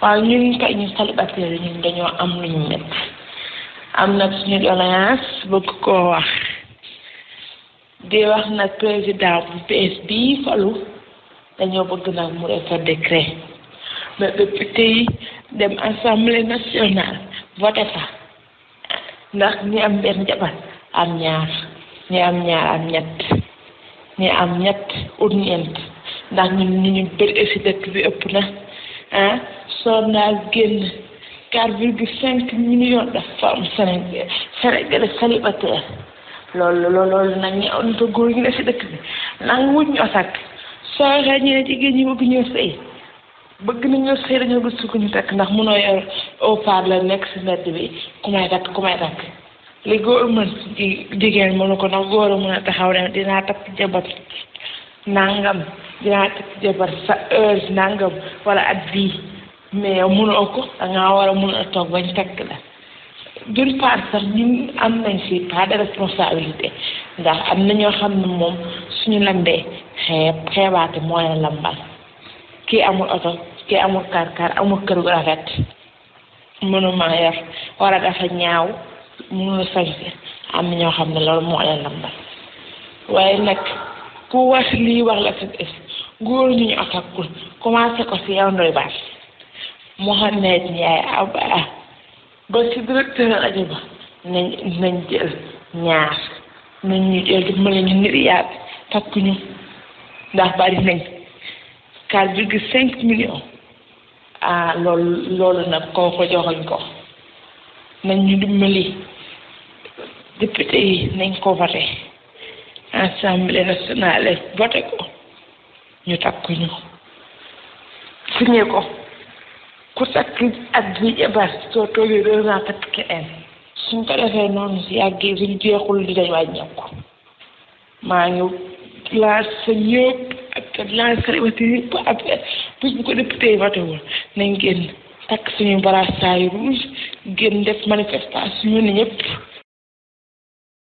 waaw ñun tey ñu célibataire ñun dañoo am lu ñu métti am nag suñu doléance bëgg koo wax di wax nag président bu PS bii falu dañoo bëgg nag mu def décret ba député dem assemblée nationale voté ndax ñi am benn jabar am ñaar ñi am ñaar am ñett ñi am ñett ut ñeent ndax ñu ñu bëri si dëkk bi ëpp na ah. sonnaaki gelle quatre virgule cinq million ɗo fawmo sénégalais salibataire loolu loolu bi nanga wuñño takk sooxe ñene jigéen ñi bëgg ñoo sëy bëgg na ñoo sëy dañoo bëgg ñu takk ndax mënoo nekk si mbedd bi ku may takk ku may takk ko ndax góor a dinaa takk jabar nangam dinaa takk jabar sa heure nangam wala at bii mais yow mënoo ko da ngaa war a mën a toog bañ takk la d'une part sax ñun am nañ si part de responsabilité ndax am na xam ne moom suñu lambee xeeb xeebaate moo leen lambal kii amul oto kii amul kàr-kàr amul kër gu rafet mënuma yor war dafa ñaaw mënul sañse am na ñoo xam ne loolu moo leen lambal waaye nag ku wax lii wax la sa des góor ñu ñu otakul commencé ko si yow ndoy baas Mouhamed Ndiaye Aba ba ci directeur rajo ba nañ nañ jël ñaar nañ ñu jël dimbali ñu nit yàlla takk ndax bari nañ quatre virgule cinq millions ah, loolu loolu nag koo ko joxoñ ko nañ ñu dimbali député yi nañ ko voté assemblée nationale voté ko ñu takk ñu ko sakk at bi a soo tollee deux ans takk keneen suñ ko defee noonu si yàggee suñ jeexul di dañ wàññeeku maa ngi lancé ñëpp ak lancé vote yëpp ak bis bu ko député yi voté nañ génn takk suñu brassard rouge génn def manifestation ni